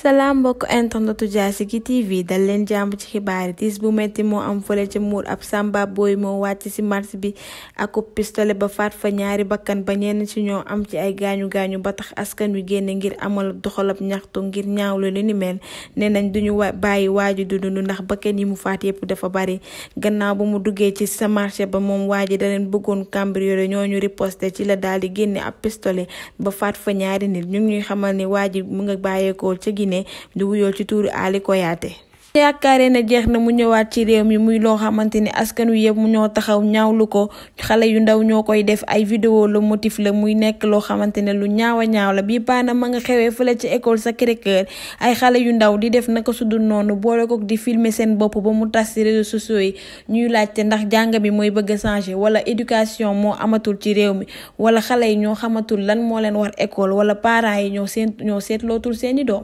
salaam mbokk internetu Diassigui TV dal leen jàmb ci xibaar yi tiis bu metti moo am fële ci muur ab samba booy moo wàcc ci marché bi akub pistole ba faat fa ñaari bakkan ba ñenn ci am ci ay gaañu ba tax askan wi génne ngir amal doxalab ñaxtu ngir ñaawlu li ni mel nee nañ duñu wa bàyyi waaji du dund ndax bakkan yi mu faat yépp dafa bari gannaaw ba mu duggee ci sa marché ba moom waaji da leen bëggoon cambriolé ñoo ñu riposte ci la daal di génne ab pistolet ba faat fa ñaari nit ñu ngi ñuy xamal ni waaji mu nga bàyyeekoo ca Guinée Guinée di wuyoo ci tuuru Ali Koyaate yaakaaree ne jeex na mu ñëwaat ci réew mi muy loo xamante ne askan wi yëpp mu ñoo taxaw ñaawlu ko xale yu ndaw ñoo koy def ay vidéo le motif la muy nekk loo xamante ne lu ñaaw a ñaaw la paana ma nga xewee fële ci école Sacré-Cœur ay xale yu ndaw di def naka su dul noonu boole ko di filmer seen bopp ba mu tas ci réseaux sociaux ñuy laajte ndax jàng bi mooy bëgg a changer wala éducation moo amatul ci réew mi wala xale yi ñoo xamatul lan moo leen war école wala parent yi ñoo seen ñoo seetlootul seeni doom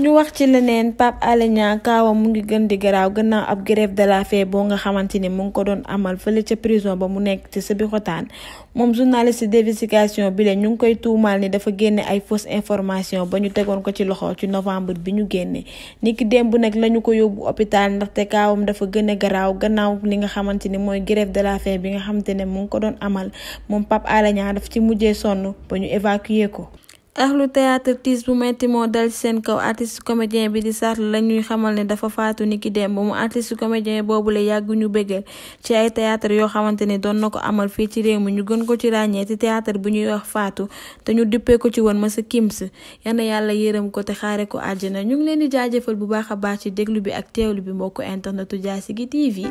ñu wax ci leneen Pape Alé Niang kaawa mu ngi gën di garaaw gannaaw ab grève de la faim boo nga xamante ne mu ngi ko doon amal fële ca prison ba mu nekk ci Sébikotane moom journaliste d'investigation bi la ñu ngi koy tuumaal ni dafa génne ay fausse information ba ñu tegoon ko ci loxo ci novembre bi ñu génne niki démb nag la ñu ko yóbbu hôpital ndaxte kaawam dafa gën a garaaw gannaaw li nga xamante ni mooy grève de la bi nga xamante ne mu ngi ko doon amal moom Pape Alé daf ci mujjee sonn ba ñu évacuer ko axlu théâtre tis bu metti moo dal ci seen kaw artiste comédien bi di Sarr la ñuy xamal ne dafa faatu ni niki démb mu artiste comédien boobu la yàgg ñu bëggal ci ay théâtre yoo xamante ne doon na ko amal fii ci réew mi ñu gën ko ci ràññee ci théâtre bu ñuy wax faatu te ñu dippee ko ci woon Massa Kims yal na yàlla yërëm ko te xaare ko àjjana ñu ngi leen di jaajëfal bu baax a baax ci déglu bi ak teewlu bi mbokku internetu Diassigui TV